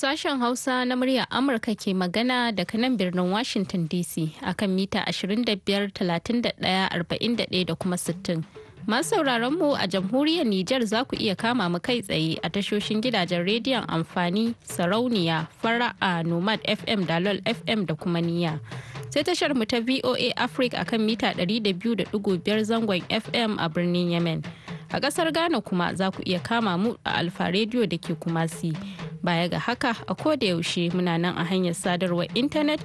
Sashen Hausa na murya Amurka ke magana daga nan birnin Washington DC akan mita 25, 31, 41 da kuma 60. Masu sauraronmu mu a jamhuriyar Nijar za ku iya kama mu kai tsaye a tashoshin gidajen rediyon amfani sarauniya fara'a nomad fm dalol fm da kuma niya. Sai tashar mu ta VOA Africa akan mita 200.5 zangon FM a birnin Yemen. A ƙasar Ghana kuma za ku iya kama mu a Alfa Radio da ke Kumasi. Baya ga haka a koda yaushe muna nan a hanyar sadarwar intanet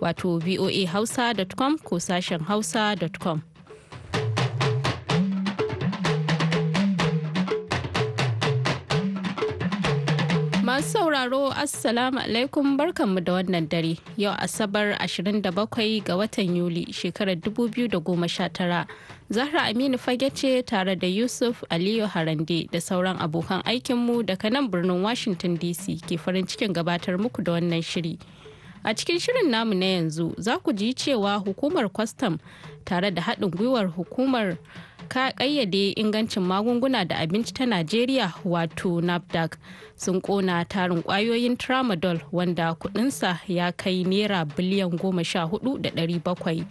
wato voahausa.com ko sashen hausa.com. Masu sauraro Assalamu alaikum barkanmu da wannan dare yau Asabar 27 ga watan Yuli shekarar 2019 Zahra Aminu fage ce tare da Yusuf Aliyu Harande da sauran abokan aikinmu daga nan birnin Washington DC ke farin cikin gabatar muku da wannan shiri. A cikin shirin namu na yanzu za ku ji cewa hukumar kwastam tare da haɗin gwiwar hukumar ka kayyade ingancin magunguna da abinci ta najeriya wato nafdac sun kona tarin kwayoyin tramadol wanda kudinsa ya kai naira biliyan goma sha hudu da dari bakwai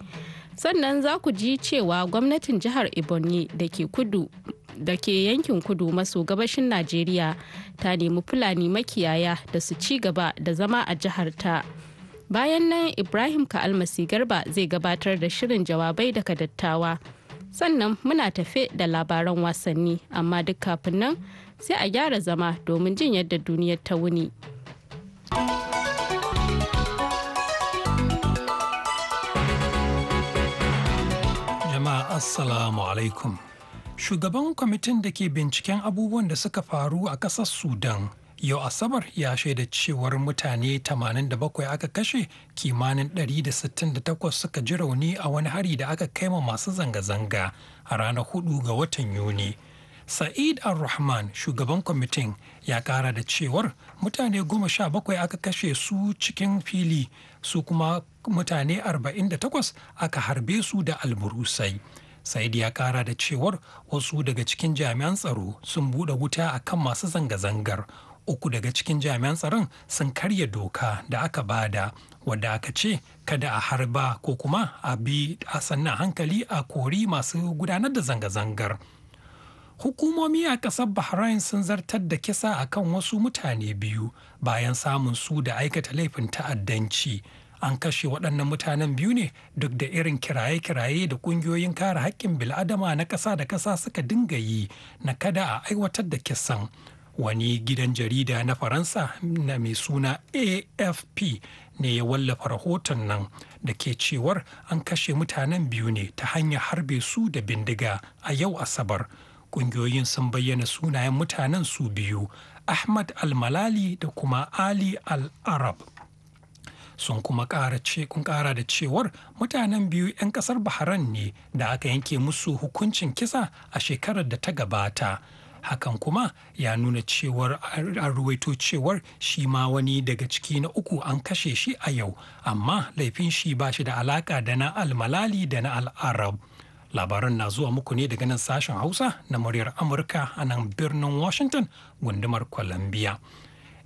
sannan za ku ji cewa gwamnatin jihar ebonyi da ke kudu da ke yankin kudu maso gabashin najeriya ta nemi fulani makiyaya da su ci gaba da zama a jihar ta bayan nan ibrahim ka'almasi garba zai gabatar da shirin jawabai daga dattawa sannan muna tafe da labaran wasanni amma duk kafin nan sai a gyara zama domin jin yadda duniyar ta wuni. Jama'a Assalamu alaikum. Shugaban kwamitin da ke binciken abubuwan da suka faru a ƙasar Sudan yau asabar ya shaida cewar mutane 87 aka kashe kimanin 168 suka ji rauni a wani hari da aka kai kaima masu zanga-zanga a ranar 4 ga watan yuni sa'id al-rahman shugaban kwamitin ya kara da cewar mutane 17 aka kashe su cikin fili su kuma mutane 48 aka harbe su da alburusai. said ya kara da cewar wasu daga cikin jami'an tsaro sun bude wuta a kan masu zanga-zangar uku daga cikin jami'an tsaron sun karya doka da aka bada wadda aka ce kada a harba ko kuma a bi a sannan hankali a kori masu gudanar da zanga-zangar hukumomi a ƙasar bahrain sun zartar da kisa kan wasu mutane biyu bayan samun su da aikata laifin ta'addanci an kashe waɗannan mutanen biyu ne duk da irin kiraye-kiraye da ƙungiyoyin kare haƙƙin bil'adama na ƙasa da ƙasa suka dinga yi na kada a aiwatar da kisan wani gidan jarida na faransa na mai suna afp ne ya wallafa rahoton nan da ke cewar an kashe mutanen biyu ne ta hanyar harbe su da bindiga a yau asabar kungiyoyin sun bayyana sunayen mutanen su biyu ahmad malali da kuma ali al-arab sun kuma kara da cewar mutanen biyu 'yan kasar bahrain ne da aka yanke musu hukuncin kisa a shekarar da ta gabata hakan kuma ya nuna cewar an ruwaito cewar shi ma wani daga ciki na uku an kashe shi a yau amma laifin shi ba shi da alaka da na almalali da na al'arab labaran na zuwa muku ne daga nan sashen hausa na muryar amurka a nan birnin washington gundumar columbia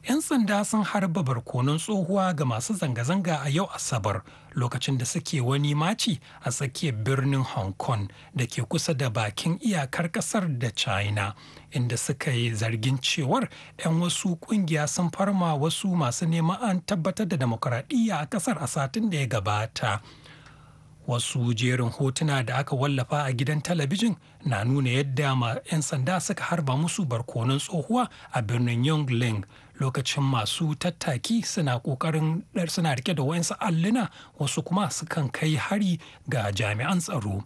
'yan sanda sun harba barkonon tsohuwa ga masu zanga-zanga a yau asabar lokacin da suke wani maci a tsakiyar birnin hong kong da ke kusa da bakin iyakar kasar da china inda suka yi zargin cewar 'yan wasu kungiya sun farma wasu masu neman an tabbatar da demokuraɗiyya a kasar a satin da ya gabata wasu jerin hotuna da aka wallafa a gidan talabijin na nuna yadda 'yan sanda suka harba musu barkonon tsohuwa a birnin yongling lokacin masu tattaki suna ƙoƙarin eh, suna rike da wayansu alluna wasu kuma sukan kai hari ga jami'an tsaro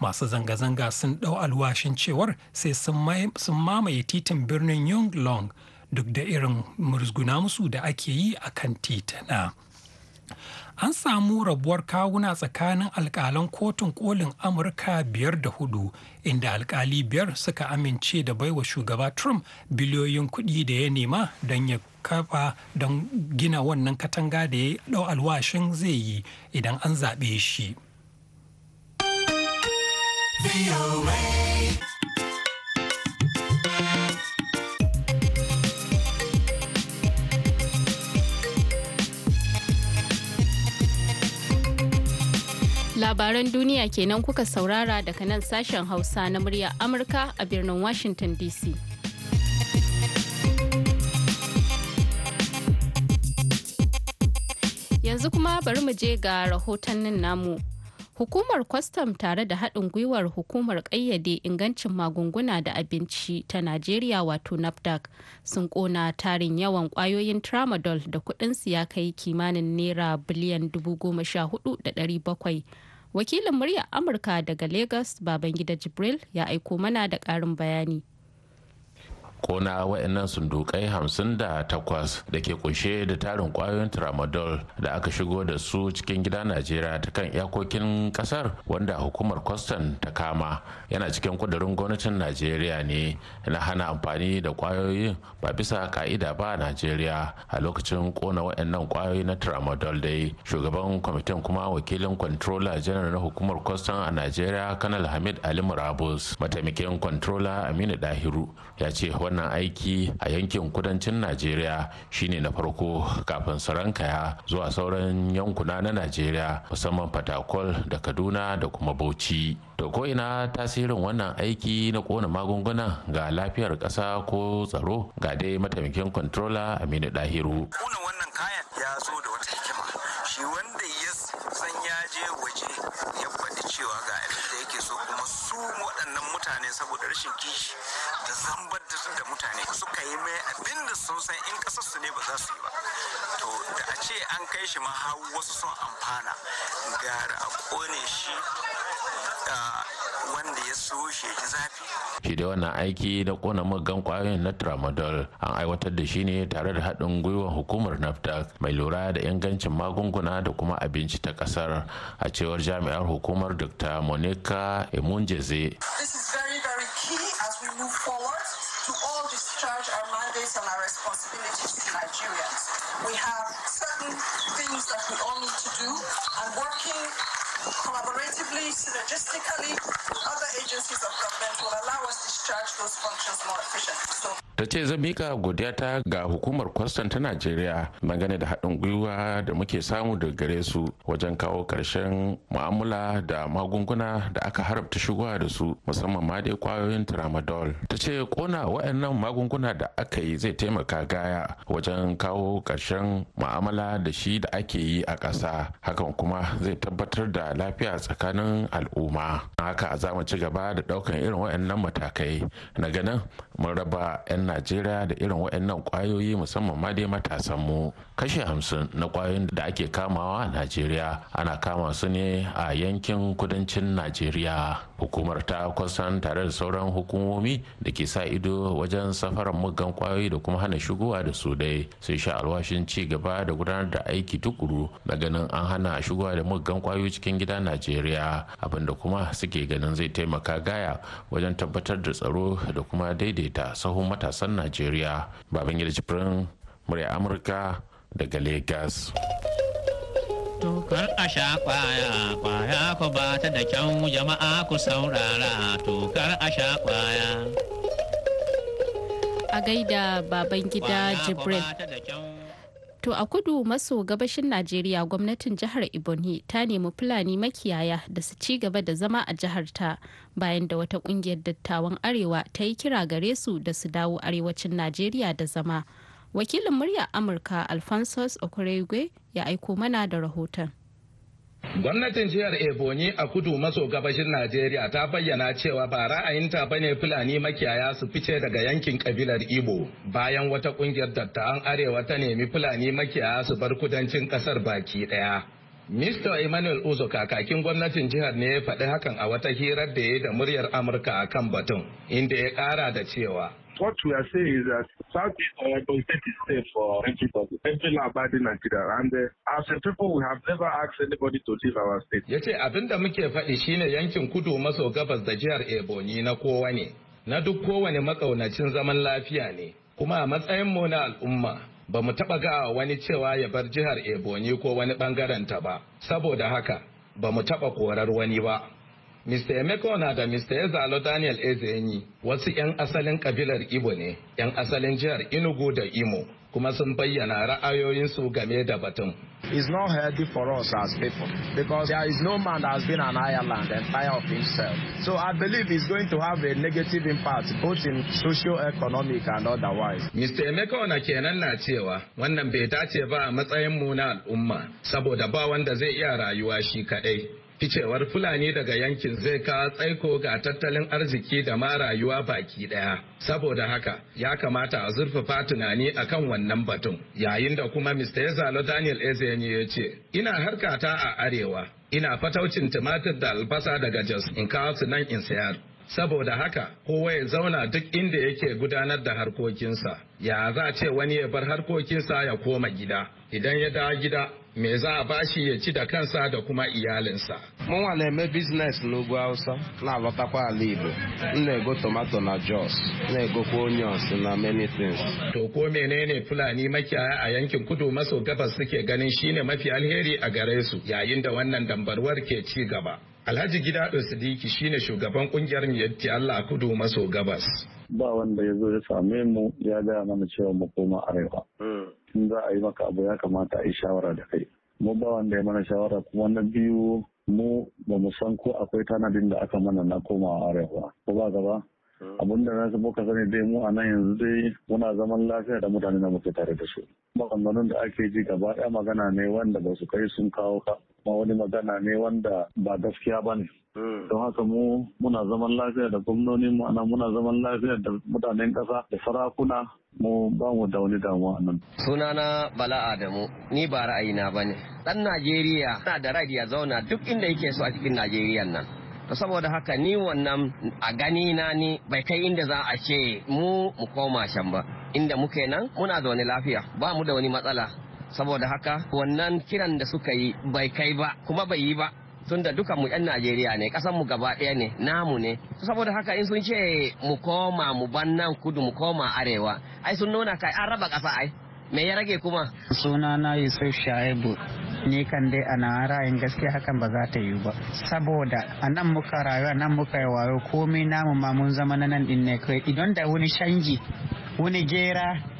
masu zanga-zanga sun ɗau alwashin cewar sai sun mamaye titin birnin long duk da irin murzguna musu da ake yi a kan titina. an samu rabuwar kawuna tsakanin alkalan kotun kolin amurka biyar da hudu inda alkali biyar suka amince da baiwa shugaba trump biliyoyin kuɗi da ya nema don ya kafa don gina wannan katanga da ya ɗau alwashin zai yi idan an zaɓe shi. Labaran duniya kenan kuka saurara daga nan sashen Hausa na muryar Amurka a birnin Washington DC. Yanzu kuma bari mu je ga rahotannin namu. Hukumar kwastam tare da haɗin gwiwar hukumar ƙayyade ingancin magunguna da abinci ta Najeriya wato NAFDAC sun ƙona tarin yawan ƙwayoyin tramadol da su ya kai kimanin naira biliyan bakwai Wakilin muryar Amurka daga Lagos Babangida Jibril ya aiko mana da ƙarin bayani. kona wa'annan sundukai hamsin da takwas da ke kunshe da tarin kwayoyin tramadol da aka shigo da su cikin gida najeriya ta kan iyakokin kasar wanda hukumar kwastan ta kama yana cikin kudurin gwamnatin najeriya ne na hana amfani da kwayoyin ba bisa ka'ida ba a najeriya a lokacin kona wa'annan kwayoyi na tramadol dai shugaban kwamitin kuma wakilin kwantrola janar na hukumar kwastan a najeriya kanal hamid ali murabus mataimakin kwantrola aminu dahiru ya ce wannan aiki a yankin kudancin najeriya shine na farko kafin su rankaya zuwa sauran yankuna na najeriya musamman fatakol da kaduna da kuma bauchi to ko ina tasirin wannan aiki na kona magunguna ga lafiyar ƙasa ko tsaro ga dai mataimakin controller aminu dahiru wannan kayan ya so mutane saboda rashin kishi da zambar da mutane suka yi mai abin da sun san in kasar ne ba za su yi ba to da a ce an kai shi ma wasu sun amfana gara a kone shi wanda ya so shi zafi. Shi da wannan aiki na kona muggan kwayoyin na tramadol an aiwatar da shi ne tare da haɗin gwiwar hukumar Naftak mai lura da ingancin magunguna da kuma abinci ta ƙasar a cewar jami'ar hukumar Dr. Monica Emunjeze. We have certain things that we all need to do, and working collaboratively, synergistically with other agencies of government will allow us to discharge those functions more efficiently. So ta ce zan mika godiya ta ga hukumar kwastan ta najeriya dangane da haɗin gwiwa da muke samu daga gare su wajen kawo ƙarshen mu'amala da magunguna da aka harabta shigowa da su musamman ma dai kwayoyin tramadol ta ce kona wa'annan magunguna da aka yi zai taimaka gaya wajen kawo ƙarshen mu'amala da shi da ake yi a ƙasa hakan kuma zai tabbatar da lafiya tsakanin al'umma haka za mu ci gaba da ɗaukan irin waɗannan matakai na ganin mun raba 'yan najeriya da irin waɗannan kwayoyi musamman ma dai matasan mu kashi hamsin na kwayoyin da ake kamawa a najeriya ana kama su ne a yankin kudancin najeriya hukumar ta kusan tare da sauran hukumomi da ke sa ido wajen safarar muggan kwayoyi da kuma hana shigowa da su dai sai sha alwashin ci gaba da gudanar da aiki tukuru na ganin an hana shigowa da muggan kwayoyi cikin gida najeriya abinda kuma suke ganin zai taimaka gaya wajen tabbatar da tsaro da kuma daidaita sahun matasa ƙasar najeriya babangida jibrin murya amurka daga Legas. Tukar a sha kwaya, kwaya ku ba ta da kyau jama'a ku saurara tukar a sha kwaya. A gaida baban gida Jibril. To a kudu maso gabashin Najeriya gwamnatin jihar Ebonyi ta nemi Fulani makiyaya da su ci gaba da zama a jihar ta bayan da wata kungiyar dattawan Arewa ta yi kira gare su da su dawo arewacin Najeriya da zama. Wakilin murya Amurka Alphonsus Okoregwe ya aiko mana da rahoton. Gwamnatin jihar Ebonyi a kudu maso gabashin Najeriya ta bayyana cewa ba ra'ayinta ba ne Fulani makiyaya su fice daga yankin kabilar Igbo bayan wata kungiyar dattawan Arewa ta nemi Fulani makiyaya su bar kudancin kasar baki daya. Mr. Emmanuel Uzo kakakin gwamnatin jihar ne ya faɗi hakan a wata hirar da ya yi da muryar Amurka a kan batun, inda ya ƙara da cewa. What we are saying is that Southeast uh, State is safe for everybody, every labadi Nigeria. And uh, as a people, we have never asked anybody to leave our state. Ya ce abin da muke faɗi shine yankin kudu maso gabas da jihar Ebonyi na kowa ne, na duk kowane makaunacin zaman lafiya ne, kuma a matsayin mu na al'umma. ba mu taɓa ga wani cewa ya bar jihar ebonyi ko wani ɓangaren ta ba saboda haka ba mu taɓa korar wani ba Mr. Emeka na da Mr. Ezalo Daniel Ezenyi wasu 'yan asalin kabilar Igbo ne, 'yan asalin jihar inugu da Imo. kuma sun bayyana ra'ayoyinsu game da batun. Is not healthy for us as people because there is no man that has been an Ireland entire of himself. So I believe it's going to have a negative impact both in socio-economic and otherwise. Mr. Emeka Ona kenan na cewa wannan bai dace ba a matsayin mu na al'umma saboda ba wanda zai iya rayuwa shi kadai. Ficewar Fulani daga yankin zai ka tsaiko ga tattalin arziki da ma rayuwa baki ɗaya. Saboda haka ya kamata a zurfafa tunani akan wannan batun. Yayin da kuma Mr. Yazalo Daniel ezeni ya ce, Ina harkata a Arewa, ina fataucin tumatir da albasa daga Jos in kawo su nan in sayar. saboda haka kowa ya zauna duk inda yake gudanar da harkokinsa ya za ce wani ya bar harkokinsa ya koma gida idan ya dawo gida me za a bashi ya ci da kansa da kuma iyalinsa. Mụnwa na-eme biznes n'ugwu Hausa na-alọtakwa ala Igbo. M na-ego tomato na Jos, na-egokwa onions na many things. To ko menene Fulani makiyaya a yankin kudu maso gabas suke ganin shine mafi alheri a gare su yayin da wannan dambarwar ke ci gaba. Alhaji Gidado Sidiki shine shugaban kungiyar Miyatti Allah kudu maso gabas. Ba wanda ya zo ya same mu ya gaya mana cewa mu koma arewa. Hmm. in za a yi maka abu ya kamata a yi shawara da kai mu ba wanda ya mana shawara kuma na biyu mu ba mu san ko akwai tanadin da aka mana na komawa arewa ko ba gaba hmm. abin da nasu muka sani dai mu a nan yanzu dai muna zaman lafiya da mutane da muke tare da su maganganun da ake ji gaba ɗaya magana ne wanda ba su kai sun kawo ka kuma wani magana ne wanda ba gaskiya ba ne Mm. don haka mu muna zaman lafiya da gwamnoni mu ana muna zaman lafiya da mutanen kasa da sarakuna mu ba mu da wani damuwa nan. Sunana Bala Adamu, ni ba ra'ayina ba ne. Ɗan Najeriya na da rai ya zauna duk inda yake so a cikin Najeriya nan. To saboda haka ni wannan a gani na ni bai kai inda za a ce mu mu koma shan ba. Inda muke nan muna da wani lafiya, ba mu da wani matsala. Saboda haka wannan kiran da suka yi bai kai ba kuma bai yi ba. tunda dukan mu yan Najeriya ne kasan mu gaba ɗaya ne namu ne saboda haka in sun ce mu koma mu nan kudu mu koma arewa ai sun nuna kai an raba kasa ai me ya rage kuma suna na Yusuf Shaibu ni kan dai ana ra'ayin gaskiya hakan ba za ta yiwu ba saboda a nan muka rayu a nan muka yi wayo komai namu ma mun zama na nan din ne kai idan da wani shanji wani gera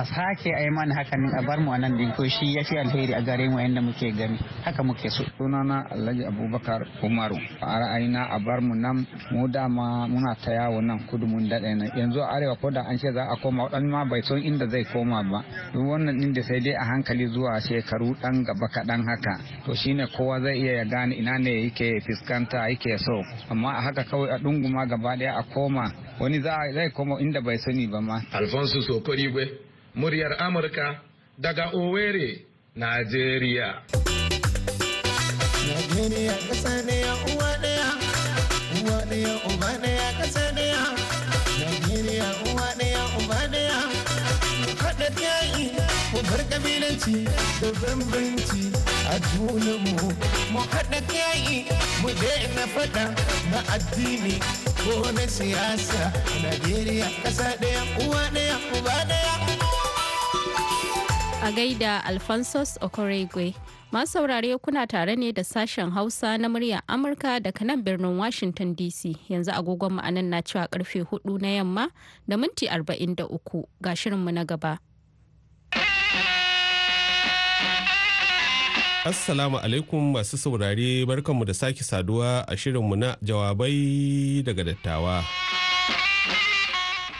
a sake a yi mana haka a bar mu a nan din to shi ya fi alheri a gare mu yadda muke gani haka muke so. sunana alhaji abubakar umaru a ra'ayina a bar mu nan mu dama muna ta yawo nan kudu mun daɗe na yanzu arewa ko da an ce za a koma waɗannan ma bai son inda zai koma ba duk wannan din da sai dai a hankali zuwa shekaru ɗan gaba kaɗan haka to shine kowa zai iya ya gane ina ne yake fuskanta yake so amma a haka kawai a ɗunguma gaba ɗaya a koma wani za zai koma inda bai sani ba ma. alfonso sokori gwe muryar Amurka daga Owerri, Najeriya. Najeriya ƙasa ya uwa ɗaya, uwa ɗaya ɗaya ɗaya. Najeriya uwa ɗaya uba ɗaya, ƙabilanci da bambanci a junanmu. Mu haɗa yayi, mu daina faɗa na addini ko na siyasa. Najeriya ƙasa ɗaya, uwa ɗaya uba ɗaya. a gaida alphonsus okoregwe masu saurare kuna tare ne da sashen hausa na muryar amurka daga nan birnin washington dc yanzu agogon ma'anan na cewa karfe 4 na yamma da minti 43 ga shirinmu na gaba assalamu alaikum masu saurare barkanmu da sake saduwa a shirinmu na jawabai daga dattawa.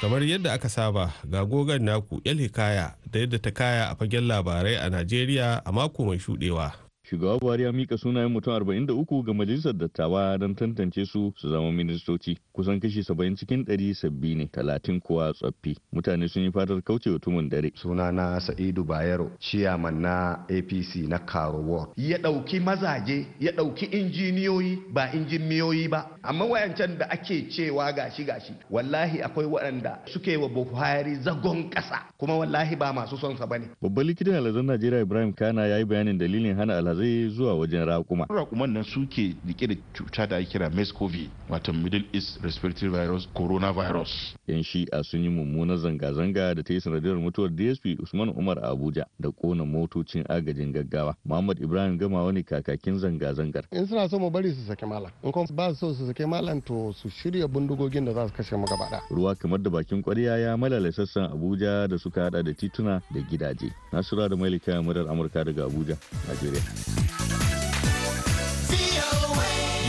kamar yadda aka saba ga gogon naku hikaya da yadda ta kaya a fagen labarai a najeriya a mako mai shudewa Shugaba Buhari ya mika sunayen mutum 43 ga majalisar dattawa don tantance su su zama ministoci. Kusan kashi 70 cikin 100 sabbi ne, 30 kuwa tsaffi. Mutane sun yi fatar kauce mutumin dare. Sunana Sa'idu Bayero, ciyaman na APC na Karo Ward. Ya ɗauki mazaje, ya ɗauki injiniyoyi ba injiniyoyi ba. Amma wayancan da ake cewa gashi gashi, wallahi akwai waɗanda suke wa Buhari zagon ƙasa, kuma wallahi ba masu son sa bane. Babban likitan alhazan Najeriya Ibrahim Kana ya yi bayanin dalilin hana alhazan zai zuwa wajen rakuma rakuman nan suke rike da cuta da ake kira mescov wato middle east respiratory virus coronavirus yan shi'a sun yi mummunar zanga-zanga da ta yi sanadiyar mutuwar dsp usman umar abuja da kona motocin agajin gaggawa muhammad ibrahim gama wani kakakin zanga-zangar in suna so mu bari su sake malam in kuma ba su so su sake malam to su shirya bindigogin da za su kashe mu gaba ruwa kamar da bakin kwarya ya malala sassan abuja da suka hada da tituna da gidaje nasura da mailika murar amurka daga abuja najeriya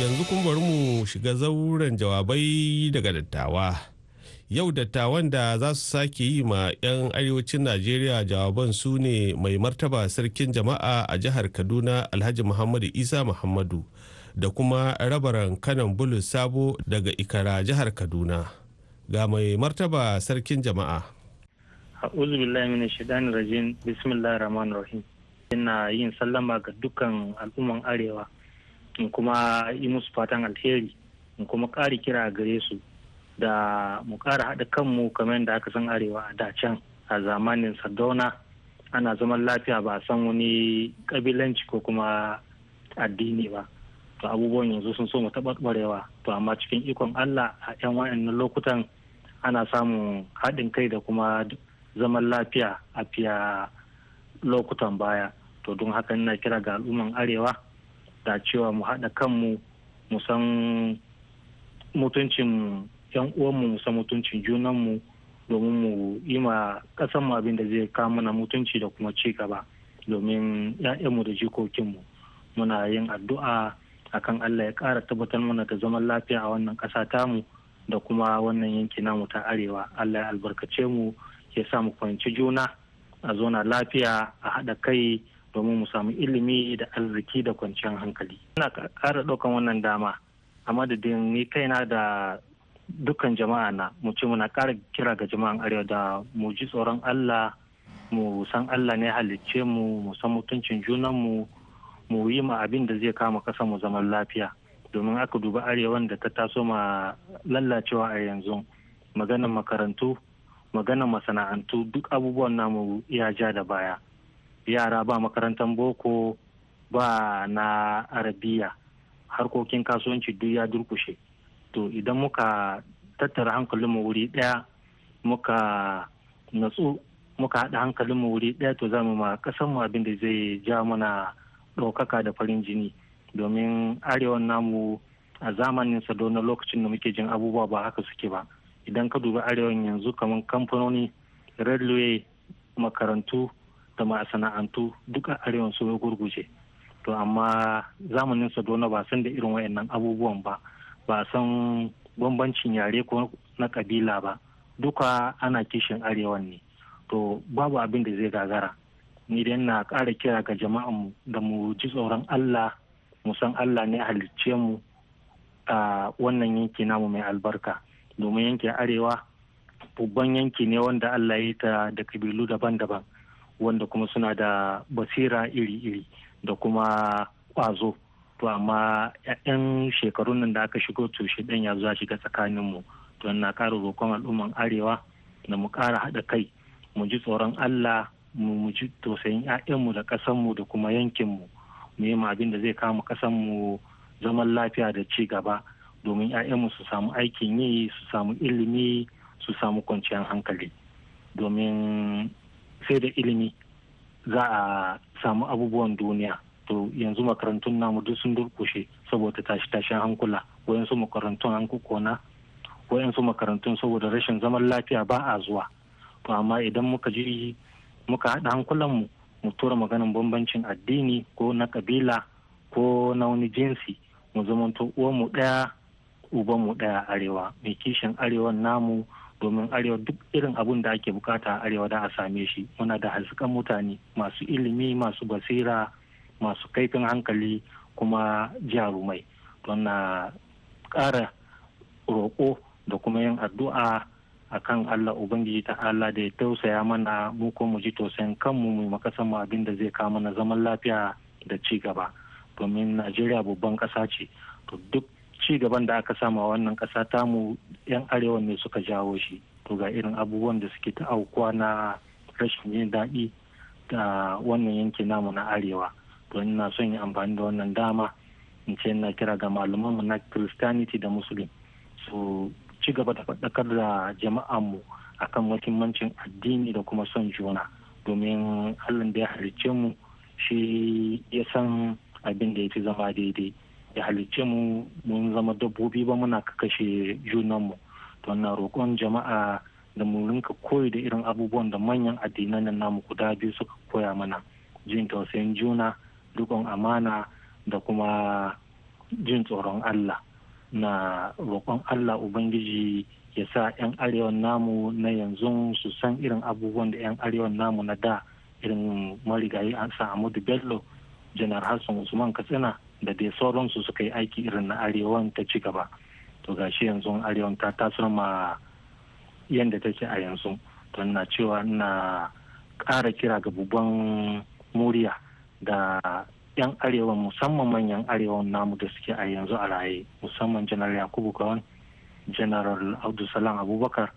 Yanzu kun bari mu shiga zauren jawabai daga dattawa. Yau dattawan da za su sake yi ma 'yan arewacin Najeriya jawaban su ne mai martaba sarkin jama'a a jihar Kaduna Alhaji Muhammadu Isa Muhammadu da kuma rabaran kanan bulus sabo daga Ikara jihar Kaduna. Ga mai martaba sarkin jama'a. A'udhu billahi minash shaitanir rajim. Bismillahir rahmanir rahim. ina yin sallama ga dukkan al'umman arewa in kuma yi musu fatan alheri in kuma ƙari kira gare su da mu ƙara haɗa kanmu kamar yadda aka san arewa a da can a zamanin sardauna ana zaman lafiya ba a san wani ƙabilanci ko kuma addini ba to abubuwan yanzu sun so mu taɓaɓarewa to amma cikin ikon allah a yan wa'annan lokutan ana samun haɗin kai da kuma zaman lafiya a fiya lokutan baya to don haka na kira ga al'umman arewa da cewa mu haɗa kanmu mu san mutuncin yan uwanmu mu san mutuncin junanmu domin mu yi ma mu abin da zai kawo mana mutunci da kuma ci gaba domin 'ya'yanmu da jikokinmu muna yin addu'a akan Allah ya ƙara tabbatar mana da zaman lafiya a wannan ƙasa tamu da kuma wannan yanki namu ta arewa Allah ya albarkace mu ya sa mu fahimci juna a zona lafiya a haɗa kai domin mu samu ilimi da arziki da kwanciyar hankali ina ƙara ɗaukan wannan dama a madadin ni kaina da dukkan jama'a na mu ce muna ƙara kira ga jama'an arewa da mu ji tsoron allah mu san allah ne halicce mu mu san mutuncin junan mu mu yi ma abin da zai kama kasa mu zaman lafiya domin aka duba arewan da ta taso ma lallacewa a yanzu maganan makarantu maganan masana'antu duk abubuwan namu ya ja da baya yara ba makarantar boko ba na arabiya harkokin kasuwanci duk ya durkushe to idan muka tattara hankalinmu wuri daya muka natsu muka haɗa hankalinmu wuri daya to zamu ma ƙasanmu abin da zai ja mana ɗaukaka da farin jini domin arewan namu a zamanin sado na lokacin da muke jin abubuwa ba haka suke ba idan ka duba arewan yanzu kamar kamfanoni railway makarantu da masana'antu duk a arewan su ya gurguje to amma zamanin sadona ba san da irin wayannan abubuwan ba ba san bambancin yare ko na kabila ba duka ana kishin arewan ne to babu abin da zai gagara ni dai na ƙara kira ga jama'an mu da mu ji tsoron Allah mu san Allah ne halicce mu a wannan yanki namu mai albarka domin yankin arewa babban yanki ne wanda Allah ya ta da kabilu daban-daban wanda kuma suna da basira iri-iri da kuma ƙwazo to amma 'yan shekarun nan da aka shigo to shi ɗan ya zuwa shiga tsakaninmu to na ƙara roƙon al'umman arewa da mu ƙara haɗa kai mu ji tsoron allah mu ji tausayin 'ya'yanmu da ƙasanmu da kuma yankinmu mu yi abin da zai kama ƙasanmu zaman lafiya da ci gaba domin 'ya'yanmu su samu aikin yi su samu ilimi su samu kwanciyar hankali domin sai da ilimi za a samu abubuwan duniya to yanzu makarantun namu duk sun durkushe saboda tashi tashin hankula wayansu makarantun an kukona wayansu makarantun saboda rashin zaman lafiya ba a zuwa to amma idan muka ji muka haɗa hankulan mu tura maganin bambancin addini ko na kabila ko na wani jinsi mu zamanto uwanmu ɗaya mu ɗaya arewa mai kishin arewan namu domin arewa duk irin abun da ake bukata a arewa da a same shi muna da hasken mutane masu ilimi masu basira masu kaifin hankali kuma jarumai don na kara roƙo da kuma yin addu'a a kan Allah Ubangiji ta Allah da ya tausaya mana mu ko mu ji tausayin kanmu mu makasan mu abin da zai kawo mana zaman lafiya da ci gaba domin Najeriya babban ƙasa ce to duk ci gaban da aka samu a wannan ƙasa tamu 'yan arewa ne suka jawo shi to ga irin abubuwan da suke ta aukuwa na rashin yin daɗi da wannan yanki namu na arewa to ina son yi amfani da wannan dama in ce na kira ga malaman mu na christianity da muslim su ci gaba da faɗakar da jama'an mu akan muhimmancin addini da kuma son juna domin allah da ya halicce mu shi ya san abin da ya fi zama daidai ya halicce mu mun zama dabbobi ba muna kashe junanmu to na roƙon jama'a da mu rinka koyi da irin abubuwan da manyan addinan nan namu guda biyu suka koya mana jin tausayin juna rikon amana da kuma jin tsoron Allah na roƙon Allah Ubangiji ya sa 'yan arewan namu na yanzu su san irin abubuwan da 'yan arewan namu na da irin marigayi a Amadu Bello janar Hassan Usman Katsina da dai sauransu suka yi aiki irin na arewan ta ci gaba to gashi yanzu arewan ta tasar ma yadda take a yanzu don na cewa na ƙara kira ga babban muriya da 'yan arewa musamman manyan arewa namu da suke a yanzu a raye musamman janar yakubu gawan janar abdulsalam abubakar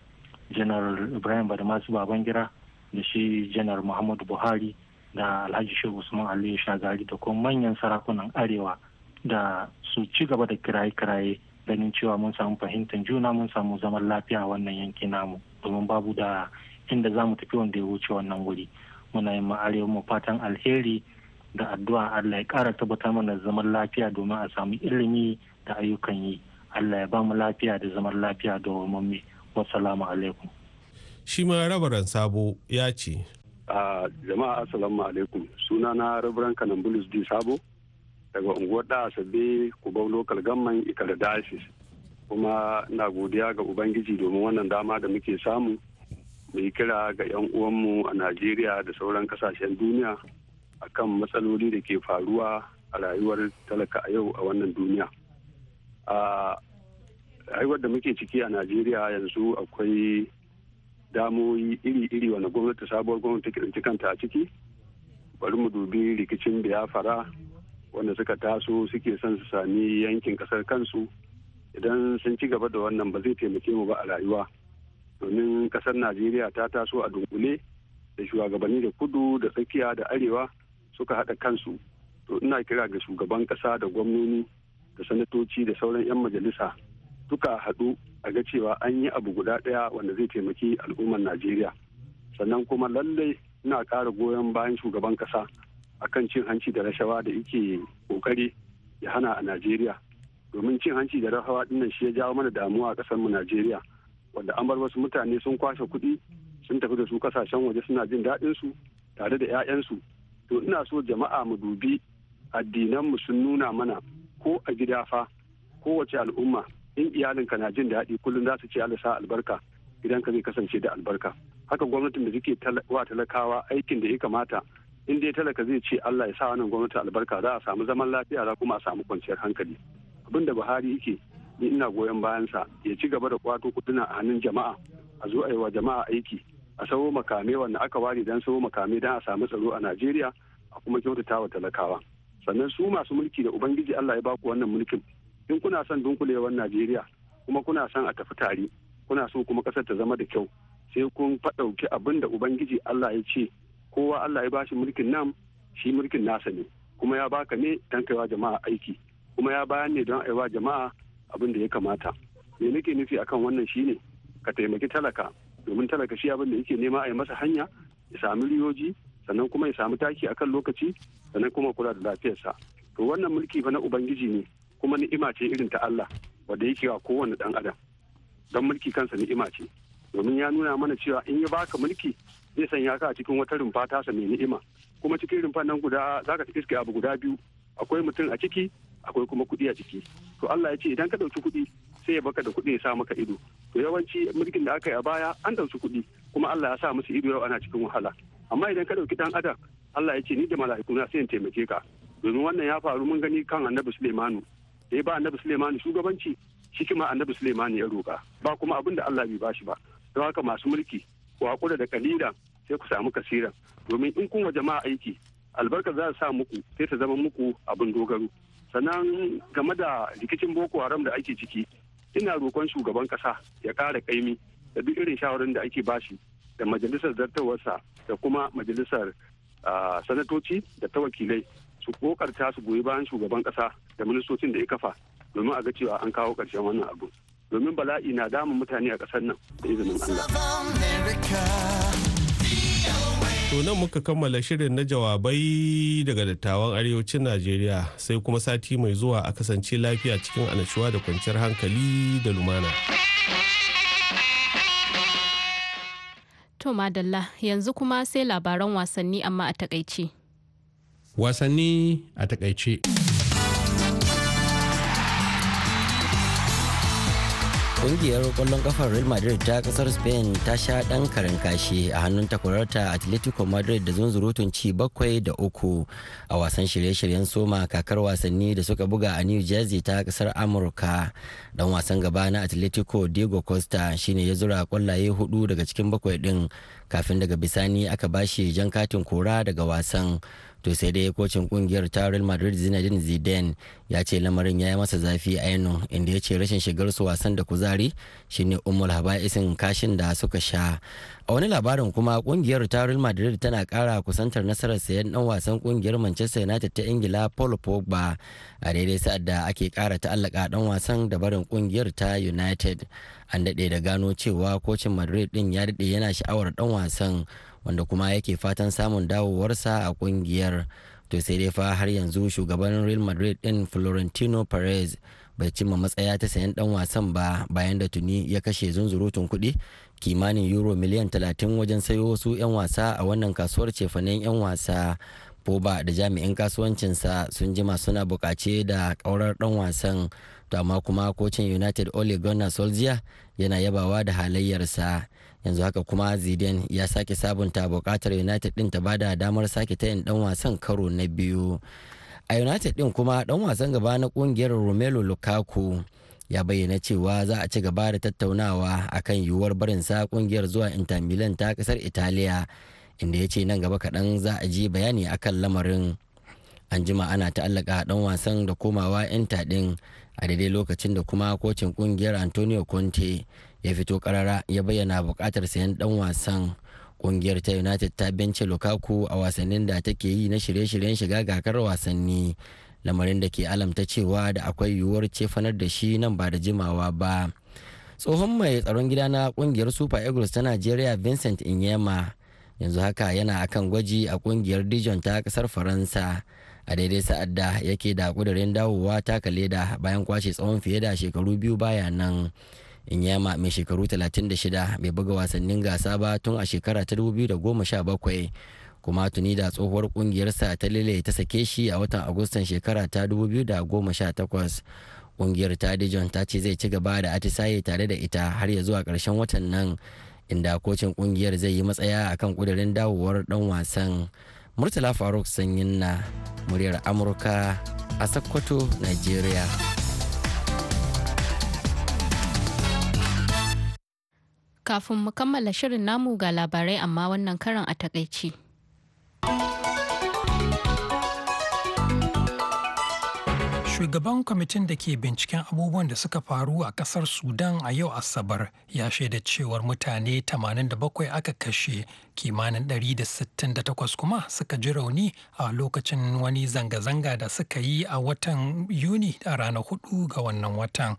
janar ibrahim badamasu babangira da shi janar muhammadu buhari da alhaji shehu usman aliyu shagari da kuma manyan sarakunan arewa da su ci gaba da kiraye-kiraye ganin cewa mun samu fahimtar juna mun samu zaman lafiya a wannan yanki namu domin babu da inda za mu tafi wanda ya wuce wannan wuri muna yin ma arewa mu fatan alheri da addu'a allah ya kara tabbatar mana zaman lafiya domin a samu ilimi da ayyukan yi allah ya ba mu lafiya da zaman lafiya da wamanmi wasu alaikum shi ma rabaran sabo ya ce a jama'a assalamu alaikum suna na rabran kanan bulus di sabo daga unguwar da asabe bau lokal gamman ikara diocese kuma na godiya ga ubangiji domin wannan dama da muke samu mu yi kira ga 'yan uwanmu a najeriya da sauran kasashen duniya akan matsaloli da ke faruwa a rayuwar talaka a yau a wannan duniya a rayuwar da muke ciki a najeriya yanzu akwai damoyi iri-iri wanda gwamnati sabuwar gwamnati take ɗauki kanta a ciki bari mu dubi rikicin biyafara wanda suka taso suke son su sami yankin ƙasar kansu idan sun ci gaba da wannan ba zai taimake mu ba a rayuwa domin ƙasar najeriya ta taso a dunkule da shugabanni da kudu da tsakiya da arewa suka haɗa kansu to ina kira ga shugaban ƙasa da gwamnoni da sanatoci da sauran 'yan majalisa duka haɗu a ga cewa an yi abu guda ɗaya wanda zai taimaki al'ummar najeriya sannan kuma lallai ina ƙara goyon bayan shugaban ƙasa a kan cin hanci da rashawa da yake ƙoƙari ya hana a najeriya domin cin hanci da rashawa nan shi ya jawo mana damuwa a ƙasar mu najeriya wanda an bar wasu mutane sun kwashe kuɗi sun tafi da su ƙasashen waje suna jin daɗin su tare da 'ya'yansu to ina so jama'a mu dubi addinan mu sun nuna mana ko a gida fa kowace al'umma in iyalinka na jin daɗi kullum za su ce Allah sa albarka ka zai kasance da albarka haka gwamnatin da suke wa talakawa aikin da ya kamata in dai talaka zai ce Allah ya sa wannan gwamnati albarka za a samu zaman lafiya za kuma a samu kwanciyar hankali abinda Buhari yake ni ina goyon bayan sa ya ci gaba da kwato kuduna a hannun jama'a a zo wa jama'a aiki a sawo makame wanda aka ware dan sawo makame dan a samu tsaro a Najeriya a kuma kyautata wa talakawa sannan su masu mulki da ubangiji Allah ya baku wannan mulkin in kuna son dunkulewar najeriya kuma kuna son a tafi tare kuna so kuma kasar ta zama da kyau sai kun faɗauki abin da ubangiji allah ya ce kowa allah ya bashi mulkin nan shi mulkin nasa ne kuma ya baka ne don kaiwa jama'a aiki kuma ya bayan ne don aiwa jama'a abin da ya kamata me nake nufi akan wannan shine ka taimaki talaka domin talaka shi abin da yake nema a yi masa hanya ya sami riyoji sannan kuma ya sami taki akan lokaci sannan kuma kula da lafiyarsa to wannan mulki fa na ubangiji ne kuma ni'ima ce irin ta Allah wanda yake wa kowane dan adam don mulki kansa ni'ima ce domin ya nuna mana cewa in ya baka mulki zai sanya ka a cikin wata rumfa tasa mai ni'ima kuma cikin rumfan nan guda zaka iske abu guda biyu akwai mutum a ciki akwai kuma kuɗi a ciki to Allah ya ce idan ka dauki kuɗi sai ya baka da kuɗi ya sa maka ido to yawanci mulkin da aka yi a baya an ɗauki kuɗi kuma Allah ya sa musu ido yau ana cikin wahala amma idan ka ɗauki dan adam Allah ya ce ni da mala'iku na sai in taimake ka domin wannan ya faru mun gani kan annabi Sulaimanu da eh, ya ba annabi sulemani shugabanci shi hikima annabi sulemani ya roƙa ba kuma abin da Allah bai bashi ba don haka masu mulki ku hakura da kalila sai ku samu kasira domin in kun jama'a aiki albarka za sa muku sai ta zama muku abin dogaro sannan game da rikicin boko haram da ake ciki ina roƙon shugaban ƙasa ya ƙara kaimi da duk irin shawarar da ake bashi da majalisar zartawarsa da kuma majalisar ah, sanatoci da ta wakilai su kokarta su goyi bayan shugaban ƙasa da ministocin da ya kafa domin a ga cewa an kawo ƙarshen wannan abu domin bala'i na damun mutane a ƙasar nan da izinin Allah. To nan muka kammala shirin na jawabai daga dattawan arewacin Najeriya sai kuma sati mai zuwa a kasance lafiya cikin annashuwa da kwanciyar hankali da lumana. To madalla yanzu kuma sai labaran wasanni amma a takaice. Wasanni a takaice. Kungiyar kwallon kafar Real Madrid ta kasar Spain ta sha ɗan karin kashi a hannun takwararta Atletico Madrid da zunzurutun ci bakwai da uku a wasan shirye-shiryen soma kakar wasanni da suka buga a New Jersey ta kasar Amurka. Dan wasan gaba na Atletico Diego Costa shine ya zura kwallaye hudu daga cikin bakwai ɗin kafin daga bisani aka bashi jan katin kora daga wasan. to sai dai kocin kungiyar ta real madrid zinedine zidane ya ce lamarin ya yi masa zafi a ainihin inda ya ce rashin shigar su wasan da kuzari shine umar haba'isin kashin da suka sha a wani labarin kuma kungiyar ta real madrid tana kara kusantar nasarar sayan dan wasan kungiyar manchester united ta ingila paul pogba a daidai sa'ad da ake kara ta'allaka dan wasan da barin kungiyar ta united an daɗe da gano cewa kocin madrid din ya daɗe yana sha'awar dan wasan wanda kuma yake fatan samun dawowarsa a kungiyar to sai dai fa har yanzu shugaban real madrid din florentino perez bai cimma matsaya ta sayan dan wasan ba bayan da tuni ya kashe zunzurutun kuɗi kimanin euro miliyan 30 wajen sayo wasu 'yan wasa a wannan kasuwar cefanen 'yan wasa boba da jami'in kasuwancinsa sun jima suna bukace da kaurar dan wasan to amma kuma kocin United Ole Gunnar Solskjaer yana yabawa da halayyarsa yanzu haka kuma zidane ya sake sabunta bukatar united din ta bada damar sake tayin dan wasan karo na biyu a united din kuma dan wasan gaba na kungiyar romelu lukaku ya bayyana cewa za a ci gaba da tattaunawa akan yiwuwar sa kungiyar zuwa inter milan ta kasar italiya inda ya ce nan gaba kaɗan za a ji bayani akan lamarin an jima ana ta'allaka dan wasan da komawa inter din a daidai lokacin da kuma kocin kungiyar antonio conte ya fito karara ya bayyana bukatar sayan dan wasan kungiyar ta united ta bence lukaku a wasannin da take yi na shirye-shiryen shiga gakar wasanni lamarin da ke alamta cewa da akwai yiwuwar cefanar da shi nan ba da jimawa ba tsohon mai tsaron gida na kungiyar super eagles ta nigeria vincent inyema yanzu haka yana akan gwaji a kungiyar dijon ta kasar faransa a daidai sa'ad da yake da kudurin dawowa taka leda bayan kwace tsawon fiye da shekaru biyu baya nan Inyama mai shekaru 36 bai buga wasannin gasa ba tun a shekara ta 2017 kuma tuni da tsohuwar kungiyarsa ta lele ta sake shi a watan agustan shekara ta 2018 kungiyar ta dijon ta ce zai ci gaba da atisaye tare da ita har ya zuwa karshen watan nan inda kocin kungiyar zai yi matsaya akan kudirin dawowar dan wasan murtala faruk sanyin na muryar amurka a sokoto nigeria kafin mu kammala shirin namu ga labarai amma wannan karan a takaici. Shugaban kwamitin da ke binciken abubuwan da suka faru a kasar Sudan a yau Asabar ya shaida cewar mutane 87 aka kashe kimanin 168 kuma suka ji rauni a lokacin wani zanga-zanga da suka yi a watan Yuni a ranar 4 ga wannan watan.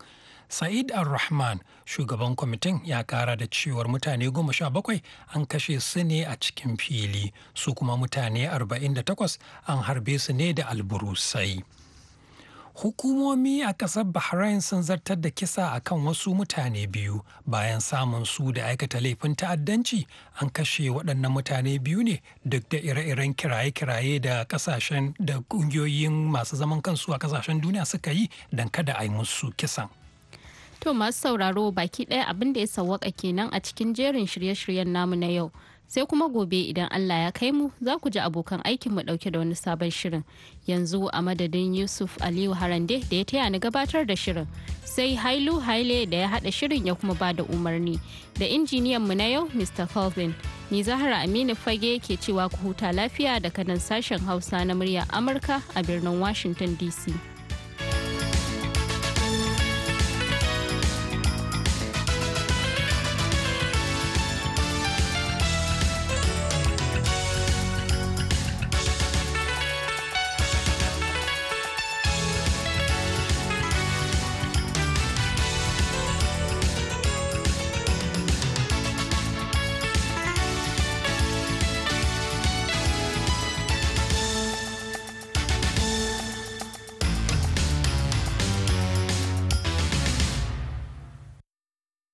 Sa'id Ar-Rahman, shugaban kwamitin ya kara da cewar mutane goma sha bakwai an kashe su ne a cikin fili, su kuma mutane arba'in da takwas an harbe su ne da alburusai. Hukumomi a ƙasar Bahrain sun zartar da kisa a kan wasu mutane biyu bayan samun su da aikata laifin ta'addanci an kashe waɗannan mutane biyu ne duk da ire-iren kiraye-kiraye da ƙasashen da ƙungiyoyin masu zaman kansu a ƙasashen duniya suka yi don kada a yi musu kisan. To masu sauraro baki ɗaya abin da ya sawwaka kenan a cikin jerin shirye-shiryen namu na yau. Sai kuma gobe idan Allah ya kai mu za ku ji abokan aikin mu ɗauke da wani sabon shirin. Yanzu a madadin Yusuf Aliyu Harande da ya taya ni gabatar da shirin. Sai Hailu Haile da ya haɗa shirin ya kuma ba da umarni. Da injiniyan mu na yau Mr. Calvin. Ni Zahra Aminu Fage ke cewa ku huta lafiya daga nan sashen Hausa na murya Amurka a birnin Washington DC.